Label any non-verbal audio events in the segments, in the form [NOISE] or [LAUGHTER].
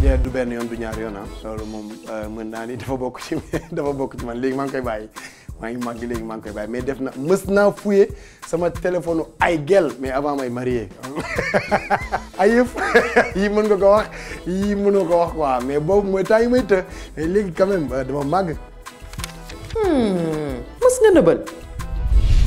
yee du benn yoon du ñaar yoon ah loolu moom euh, mën naa ni dafa bokk ci [LAUGHS] dafa bokk ci man léegi maa ngi koy bàyyi maa ngi léegi maa ngi mais def na mës naa fouillé sama téléphone ay gel mais avant may marié [LAUGHS] ay [LAUGHS] yi mën nga ko wax yi mënoo ko wax quoi mais boobu mooy taa yi may të mais léegi quand même euh, dama hmm, mës nga nëbal.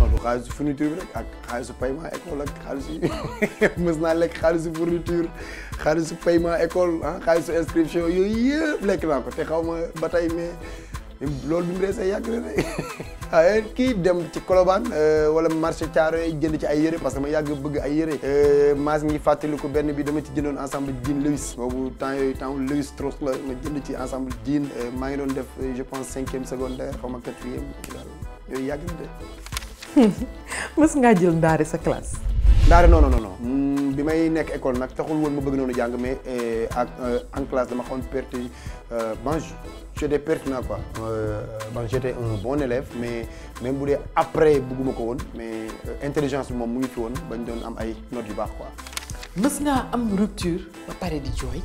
non du xaalisu rek ak xaalisu paiement école ak xaalisu [LAUGHS] mës naa lekk xaalisu fourniture xaalisu paiement école ah xaalisu inscription yooyu yëpp lekk naa ko te xaw ma ba mais loolu bi mu reesee yàgg na [LAUGHS] ah, eh, kii dem ci Colobane euh, wala marché Thiaro jënd ci ay yëre parce que ma yàgg bëgg ay yëre euh, maa ngi fàttaliku benn bi dama ci jëndoon ensemble jean Lewis boobu temps yooyu temps Lewis Strauss la ma jënd ci ensemble jean euh, maa ngi doon def je pense cinquième secondaire xaw ma quatrième yàgg [LAUGHS] mës ngaa jël ndaare sa classe. ndaare non non non mm, bi may nekk école nak taxul woon ma bëgg noonu jàng mais eh, ak eh, en classe dama xawoon perti bon euh, j'étais pertinent quoi Euh, bon j'étais un bon élève mais même bu après bëgguma ko mais euh, intelligence bi moom mu ngi fi woon bañ doon am ay notes yu baax quoi. mës am rupture ba pare di jooy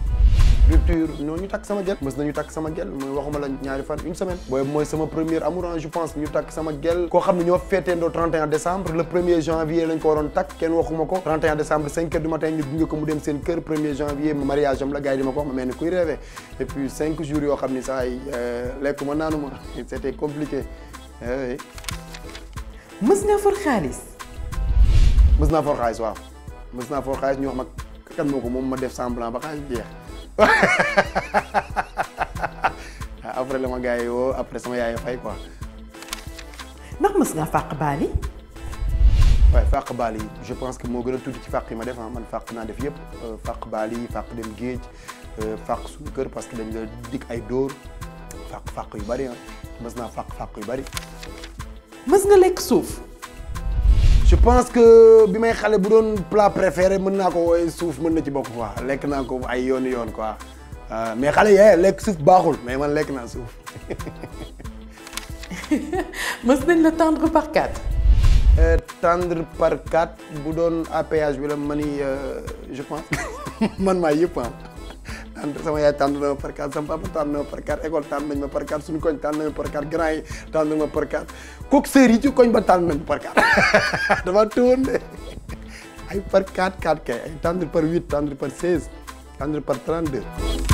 rupture non ñu tak sama gel mës nañu tak sama gel moy waxuma la ñaari fan une semaine boy moy sama premier amour hein, je pense ñu tak sama gel ko xamni ne fété ndo 31 décembre le 1er janvier lañ ko waroon tak kenn waxuma ko 31 décembre 5 h du matin ñu gunge ko mu dem seen kër 1er janvier ma mariage am la gaay yi di ma ko wax ma melni kuy rêvé et puis 5 jours yoo xam ni saa euh, lekuma nanuma naanuma c'était compliqué eh oui. mës naa for xaalis. mës naa for xaalis waaw mës naa for xaalis ñu wax ma kan moko mom ma def semblant ba xaliss jeex. Ah, après la ma gars yi woo après sama yaay fay quoi. ndax mës nga fàq baal yi. waaye fàq baal yi je pense que moo gën a tuuti ci fàq yi ma def ah, man fàq naa def yëpp euh, fàq baal yi fàq dem géej euh, fàq suñu kër parce que dañ la dig ay dóor fàq fàq yu bari ah mës naa fàq fàq yu bari. mës nga lekk suuf. je pense que bi may xale bu doon plat préféré mën naa ko wooye suuf na ci bokk quoi lekk naa ko ay yoon yoon quoi euh, mais xale yee lekk suuf baaxul mais man lekk naa suuf. [LAUGHS] mës nañ la tendre par quatre. Euh, tendre par quatre bu doon à péage bi le mani euh, je pense [LAUGHS] man maa yëpp hein. tànn sama yaay tànn na ma par carte sama papa tànn na ma par carte école tànn ma par carte suñu koñ tànn ma par carte grand yi tànn ma par carte kooku sœur ci koñ ba tànn nañ par carte dama tëwoon ay par 4 4 kay ay par 8 tànn par 16 tànn par 32